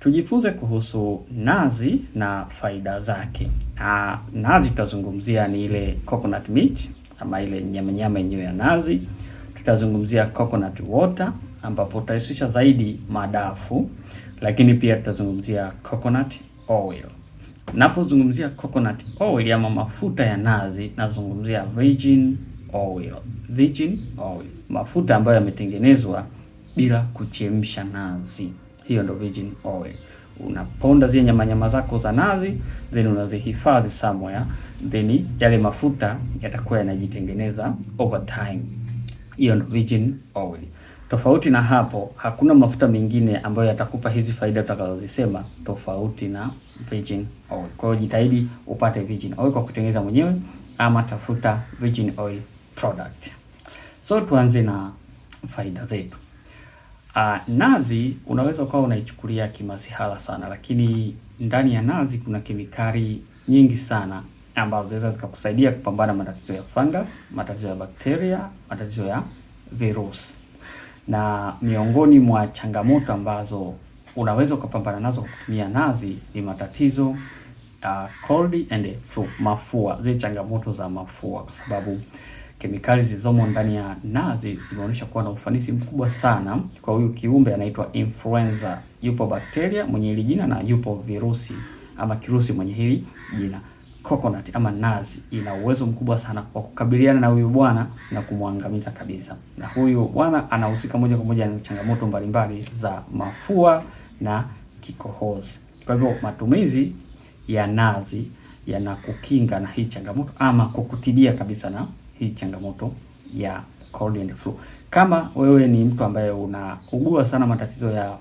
Tujifunze kuhusu nazi na faida zake. Na ah, nazi tutazungumzia ni ile coconut meat ama ile nyamanyama yenyewe ya nazi. Tutazungumzia coconut water ambapo utahusisha zaidi madafu, lakini pia tutazungumzia coconut oil. Napozungumzia coconut oil ama mafuta ya nazi, nazungumzia virgin oil. Virgin oil, mafuta ambayo yametengenezwa bila kuchemsha nazi. Hiyo ndo virgin oil. Unaponda zile nyamanyama zako za nazi, then unazihifadhi somewhere, then yale mafuta yatakuwa yanajitengeneza over time. Hiyo ndo virgin oil. Tofauti na hapo, hakuna mafuta mengine ambayo yatakupa hizi faida utakazozisema, tofauti na virgin oil. Kwa hiyo jitahidi upate virgin oil kwa kutengeneza mwenyewe ama tafuta virgin oil product. So tuanze na faida zetu. Uh, nazi unaweza ukawa unaichukulia kimasihala sana, lakini ndani ya nazi kuna kemikali nyingi sana ambazo zinaweza zikakusaidia kupambana matatizo ya fungus, matatizo ya bakteria, matatizo ya virusi. Na miongoni mwa changamoto ambazo unaweza ukapambana nazo kutumia nazi ni matatizo uh, cold and flu, mafua, zile changamoto za mafua kwa sababu Kemikali zilizomo ndani ya nazi zimeonyesha kuwa na ufanisi mkubwa sana kwa huyu kiumbe anaitwa influenza. Yupo bakteria mwenye hili jina na yupo virusi ama kirusi mwenye hili jina. Coconut ama nazi ina uwezo mkubwa sana wa kukabiliana na huyu bwana na kumwangamiza kabisa. Na huyu bwana anahusika moja kwa moja na changamoto mbalimbali za mafua na kikohozi. Kwa hivyo matumizi ya nazi yanakukinga na hii changamoto ama kukutibia kabisa na hii changamoto ya cold and flu. Kama wewe ni mtu ambaye unaugua sana matatizo ya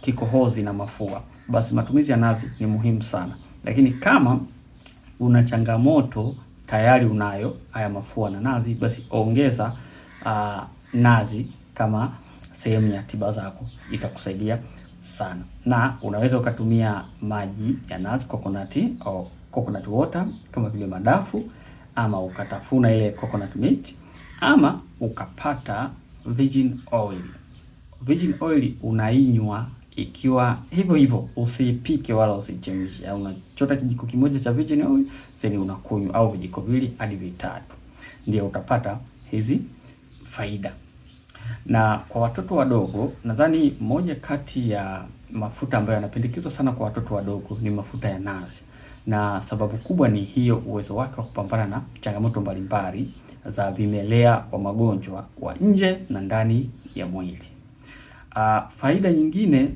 kikohozi na mafua, basi matumizi ya nazi ni muhimu sana, lakini kama una changamoto tayari unayo haya mafua na nazi, basi ongeza uh, nazi kama sehemu ya tiba zako, itakusaidia sana. Na unaweza ukatumia maji ya nazi coconut au oh, coconut water kama vile madafu ama ukatafuna ile coconut meat ama ukapata virgin oil. Virgin oil unainywa ikiwa hivyo hivyo, usipike wala usichemshe. Au unachota kijiko kimoja cha virgin oil zeni unakunywa, au vijiko viwili hadi vitatu, ndio utapata hizi faida. Na kwa watoto wadogo, nadhani moja kati ya mafuta ambayo yanapendekezwa sana kwa watoto wadogo ni mafuta ya nazi na sababu kubwa ni hiyo, uwezo wake wa kupambana na changamoto mbalimbali za vimelea wa magonjwa wa nje na ndani ya mwili. Uh, faida nyingine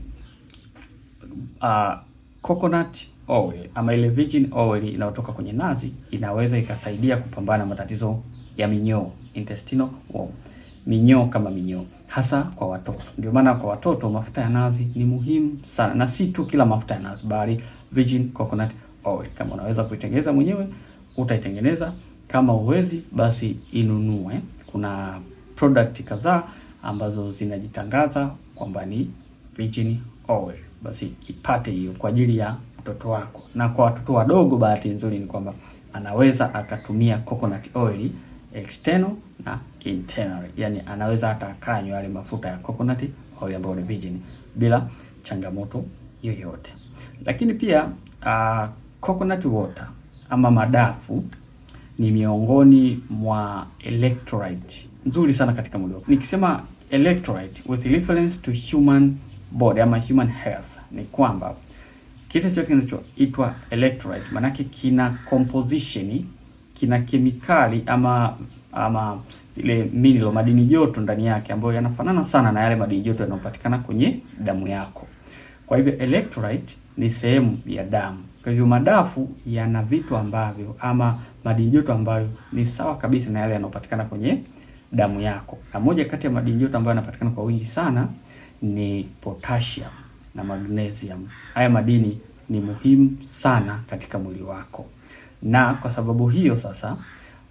uh, coconut oil ama ile virgin oil inayotoka kwenye nazi inaweza ikasaidia kupambana matatizo ya minyoo, intestinal worm, minyoo kama minyoo, hasa kwa watoto. Ndio maana kwa watoto mafuta ya nazi ni muhimu sana, na si tu kila mafuta ya nazi, bali virgin coconut owe. Oh, kama unaweza kuitengeneza mwenyewe utaitengeneza, kama uwezi basi inunue. Kuna product kadhaa ambazo zinajitangaza kwamba ni virgin oil, basi ipate hiyo kwa ajili ya mtoto wako. Na kwa watoto wadogo, bahati nzuri ni kwamba anaweza akatumia coconut oil external na internal, yani anaweza hata akanywa yale mafuta ya coconut oil ambayo ni virgin bila changamoto yoyote, lakini pia uh, coconut water ama madafu ni miongoni mwa electrolyte nzuri sana katika mwili wako. Nikisema electrolyte with reference to human body ama human health ni kwamba kitu chote kinachoitwa electrolyte maanake kina composition, kina kemikali ama ama zile mineral madini joto ndani yake ambayo yanafanana sana na yale madini joto yanayopatikana kwenye damu yako. Kwa hivyo electrolyte ni sehemu ya damu. Kwa hivyo madafu yana vitu ambavyo ama madini joto ambayo ni sawa kabisa na yale yanayopatikana kwenye damu yako, na moja kati ya madini joto ambayo yanapatikana kwa wingi sana ni potassium na magnesium. Haya madini ni muhimu sana katika mwili wako, na kwa sababu hiyo sasa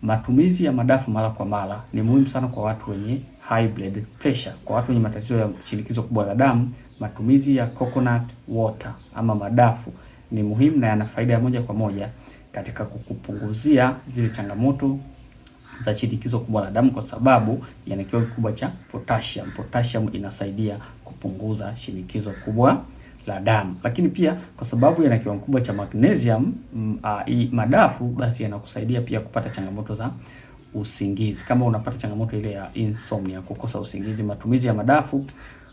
matumizi ya madafu mara kwa mara ni muhimu sana kwa watu wenye high blood pressure, kwa watu wenye matatizo ya shinikizo kubwa la damu. Matumizi ya coconut water ama madafu ni muhimu na yana faida ya moja kwa moja katika kukupunguzia zile changamoto za shinikizo kubwa la damu, kwa sababu yana kiwango kikubwa cha potassium. Potassium inasaidia kupunguza shinikizo kubwa la damu, lakini pia kwa sababu yana kiwango kubwa cha magnesium mm, a, ah, madafu, basi yanakusaidia pia kupata changamoto za usingizi, kama unapata changamoto ile ya insomnia, kukosa usingizi. Matumizi ya madafu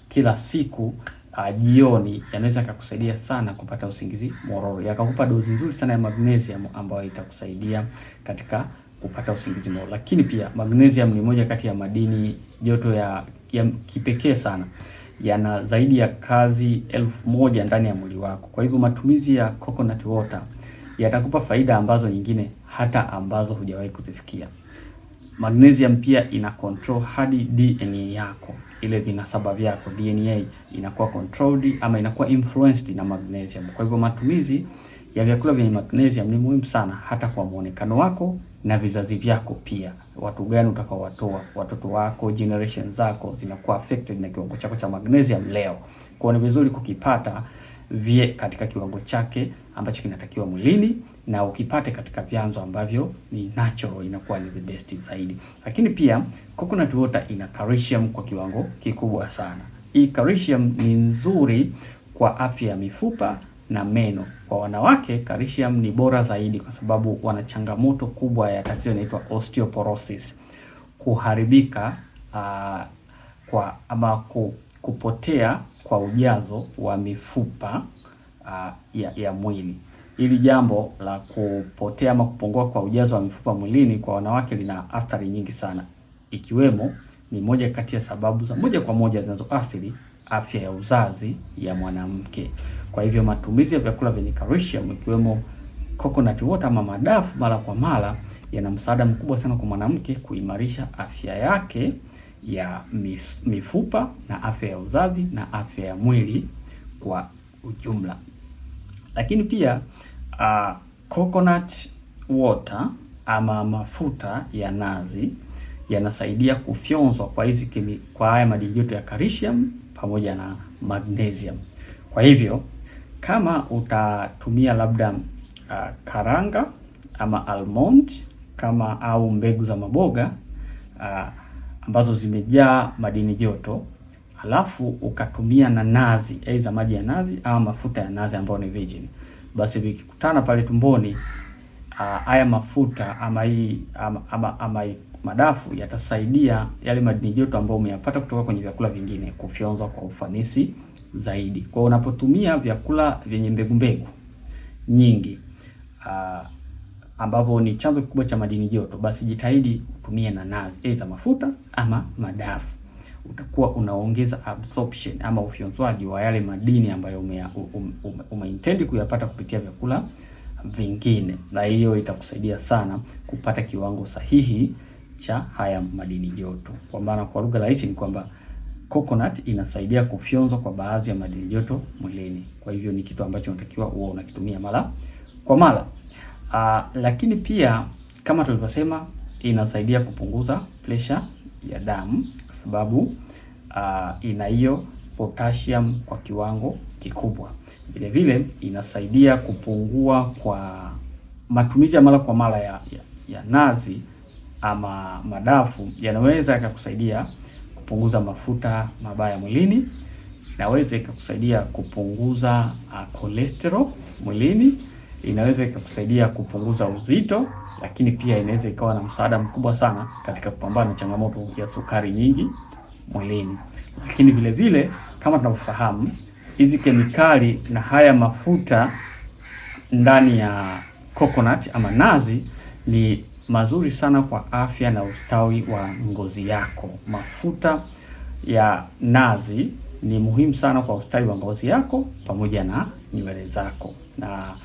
kila siku uh, jioni yanaweza yakakusaidia sana kupata usingizi mororo, yakakupa dozi nzuri sana ya magnesium ambayo itakusaidia katika kupata usingizi mororo. Lakini pia magnesium ni moja kati ya madini joto ya, ya kipekee sana, yana zaidi ya kazi elfu moja ndani ya mwili wako. Kwa hivyo matumizi ya coconut water yatakupa faida ambazo nyingine hata ambazo hujawahi kuzifikia. Magnesium pia ina control hadi DNA yako, ile vinasaba vyako. DNA inakuwa controlled ama inakuwa influenced na magnesium. Kwa hivyo matumizi ya vyakula vyenye magnesium ni muhimu sana, hata kwa muonekano wako na vizazi vyako pia. Watu gani utakaowatoa, watoto wako, generation zako zinakuwa affected na kiwango chako cha magnesium leo. Kwa ni vizuri kukipata vye katika kiwango chake ambacho kinatakiwa mwilini na ukipate katika vyanzo ambavyo ni natural inakuwa ni the best zaidi. Lakini pia coconut water ina calcium kwa kiwango kikubwa sana. Hii calcium ni nzuri kwa afya ya mifupa na meno. Kwa wanawake calcium ni bora zaidi, kwa sababu wana changamoto kubwa ya tatizo inaitwa osteoporosis, kuharibika uh, kwa ama kupotea kwa ujazo wa mifupa uh, ya, ya mwili hili jambo la kupotea ama kupungua kwa ujazo wa mifupa mwilini kwa wanawake lina athari nyingi sana, ikiwemo ni moja kati ya sababu za moja kwa moja zinazoathiri afya ya uzazi ya mwanamke. Kwa hivyo matumizi ya vyakula vyenye calcium ikiwemo coconut water ama madafu mara kwa mara yana msaada mkubwa sana kwa mwanamke kuimarisha afya yake ya mifupa na afya ya uzazi na afya ya mwili kwa ujumla. Lakini pia uh, coconut water ama mafuta ya nazi yanasaidia kufyonzwa kwa hizi kemi, kwa haya madini yote ya calcium pamoja na magnesium. Kwa hivyo kama utatumia labda uh, karanga ama almond kama au mbegu za maboga uh, ambazo zimejaa madini joto alafu ukatumia na nazi, aidha maji ya nazi au mafuta ya nazi ambayo ni virgin, basi vikikutana pale tumboni ah, haya mafuta ama hii ama, ama, ama madafu yatasaidia yale madini joto ambayo umeyapata kutoka kwenye vyakula vingine kufyonzwa kwa ufanisi zaidi. Kwa unapotumia vyakula vyenye mbegu mbegu nyingi uh, ambavyo ni chanzo kikubwa cha madini joto, basi jitahidi kutumia na nazi, aidha mafuta ama madafu utakuwa unaongeza absorption ama ufyonzwaji wa yale madini ambayo ume, umeintend kuyapata kupitia vyakula vingine, na hiyo itakusaidia sana kupata kiwango sahihi cha haya madini joto. Kwa maana kwa lugha rahisi ni kwamba coconut inasaidia kufyonzwa kwa baadhi ya madini joto mwilini. Kwa hivyo ni kitu ambacho unatakiwa uwe unakitumia mara kwa mara. Uh, lakini pia kama tulivyosema inasaidia kupunguza pressure ya damu kwa sababu uh, ina hiyo potassium kwa kiwango kikubwa. Vile vile inasaidia kupungua kwa matumizi ya mara kwa mara ya, ya, ya nazi ama madafu yanaweza yakakusaidia kupunguza mafuta mabaya mwilini, naweza ikakusaidia kupunguza ah, cholesterol mwilini inaweza ikakusaidia kupunguza uzito, lakini pia inaweza ikawa na msaada mkubwa sana katika kupambana na changamoto ya sukari nyingi mwilini. Lakini vile vile kama tunavyofahamu, hizi kemikali na haya mafuta ndani ya coconut ama nazi ni mazuri sana kwa afya na ustawi wa ngozi yako. Mafuta ya nazi ni muhimu sana kwa ustawi wa ngozi yako pamoja na nywele zako na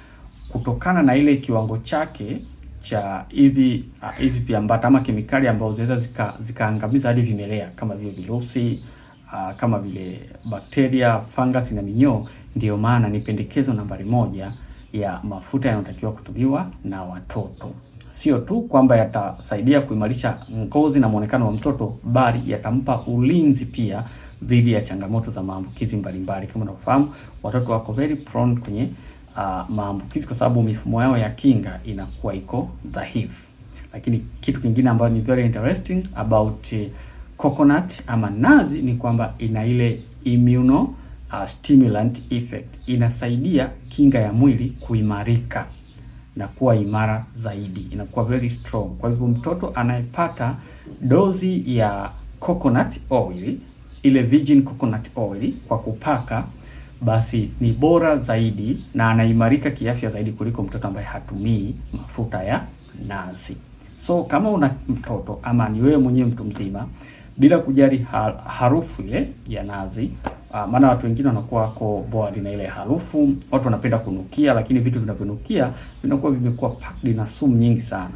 kutokana na ile kiwango chake cha hivi ah, hizi uh, viambata ama kemikali ambazo zinaweza zika, zikaangamiza hadi vimelea kama vile virusi uh, kama vile bakteria, fungus na minyoo. Ndiyo maana ni pendekezo nambari moja ya mafuta yanayotakiwa kutumiwa na watoto. Sio tu kwamba yatasaidia kuimarisha ngozi na muonekano wa mtoto, bali yatampa ulinzi pia dhidi ya changamoto za maambukizi mbalimbali. Kama unavyofahamu, watoto wako very prone kwenye uh, maambukizi kwa sababu mifumo yao ya kinga inakuwa iko dhaifu. Lakini kitu kingine ambayo ni very interesting about uh, coconut ama nazi ni kwamba ina ile immuno uh, stimulant effect, inasaidia kinga ya mwili kuimarika na kuwa imara zaidi, inakuwa very strong. Kwa hivyo mtoto anayepata dozi ya coconut oil, ile virgin coconut oil kwa kupaka basi ni bora zaidi na anaimarika kiafya zaidi kuliko mtoto ambaye hatumii mafuta ya nazi. So kama una mtoto ama ni wewe mwenyewe mtu mzima, bila kujali ha harufu ile ya nazi, ah, maana watu wengine wanakuwa wako bored na ile harufu, watu wanapenda kunukia, lakini vitu vinavyonukia vinakuwa vimekuwa packed na sumu nyingi sana.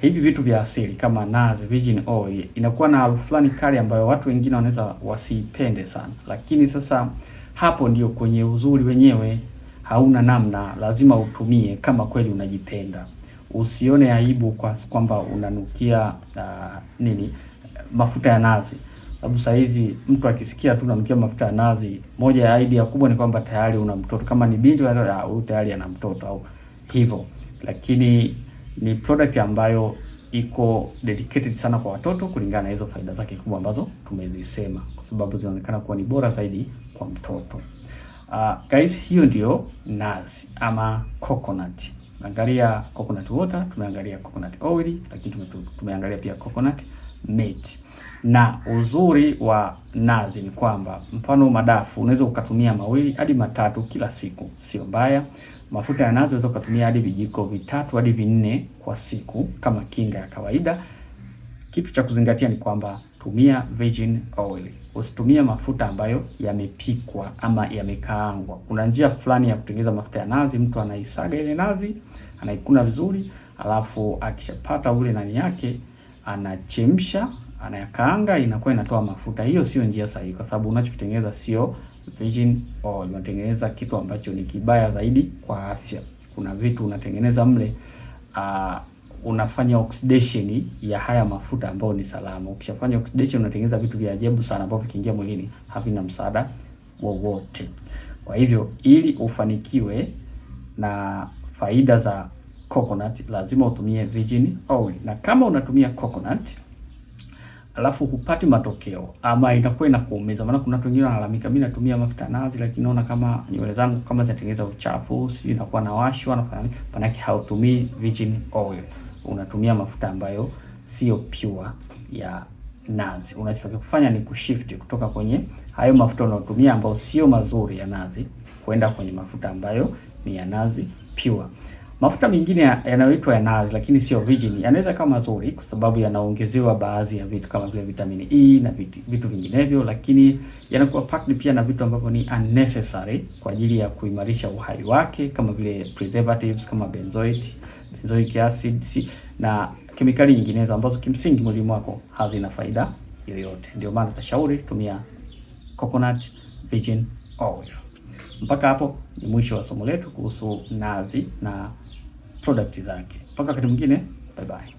Hivi vitu vya asili kama nazi, virgin oil inakuwa na harufu fulani kali ambayo watu wengine wanaweza wasipende sana, lakini sasa hapo ndio kwenye uzuri wenyewe, hauna namna, lazima utumie kama kweli unajipenda. Usione aibu kwa kwamba unanukia uh, nini mafuta ya nazi, sababu saa hizi mtu akisikia tu unanukia mafuta ya nazi, moja ya idea kubwa ni kwamba tayari una mtoto. Kama ni binti au ah, tayari ana mtoto au hivyo, lakini ni product ambayo iko dedicated sana kwa watoto kulingana na hizo faida zake kubwa ambazo tumezisema, kwa sababu zinaonekana kuwa ni bora zaidi kwa mtoto. Uh, ah, guys, hiyo ndio nazi ama coconut. Angalia coconut water, tumeangalia coconut oil, lakini tume, tumeangalia pia coconut meat. Na uzuri wa nazi ni kwamba mfano madafu unaweza ukatumia mawili hadi matatu kila siku, sio mbaya. Mafuta ya nazi unaweza ukatumia hadi vijiko vitatu hadi vinne kwa siku kama kinga ya kawaida. Kitu cha kuzingatia ni kwamba tumia virgin oil, usitumie mafuta ambayo yamepikwa ama yamekaangwa. Kuna njia fulani ya kutengeneza mafuta ya nazi, mtu anaisaga ile nazi, anaikuna vizuri, alafu akishapata ule nani yake anachemsha, anayakaanga, inakuwa inatoa mafuta. Hiyo sio njia sahihi, kwa sababu unachokitengeneza sio virgin oil, unatengeneza kitu ambacho ni kibaya zaidi kwa afya. Kuna vitu unatengeneza mle uh, unafanya oxidation ya haya mafuta ambayo ni salama. Ukishafanya oxidation unatengeneza vitu vya ajabu sana ambavyo vikiingia mwilini havina msaada wowote. Kwa hivyo ili ufanikiwe na faida za coconut lazima utumie virgin oil, na kama unatumia coconut alafu hupati matokeo ama inakuwa inakuumiza. Maana kuna watu wengine wanalalamika, mimi natumia mafuta nazi, lakini naona kama nywele zangu kama zinatengeneza uchafu, sijui inakuwa nawashwa na fanani. Maana yake hautumii virgin oil unatumia mafuta ambayo sio pure ya nazi. Unachotakiwa kufanya ni kushift kutoka kwenye hayo mafuta unayotumia ambayo sio mazuri ya nazi kwenda kwenye mafuta ambayo ni ya nazi pure. Mafuta mengine yanayoitwa ya nazi lakini sio virgin yanaweza kama mazuri kwa sababu yanaongezewa baadhi ya vitu kama vile vitamini E na vitu, vitu vinginevyo, lakini yanakuwa packed pia na vitu ambavyo ni unnecessary kwa ajili ya kuimarisha uhai wake kama vile preservatives kama benzoid, benzoic acid na kemikali nyinginezo ambazo kimsingi mwilini mwako hazina faida yoyote. Ndio maana tashauri tumia coconut virgin oil. Mpaka hapo ni mwisho wa somo letu kuhusu nazi na product zake. Mpaka wakati mwingine, bye bye.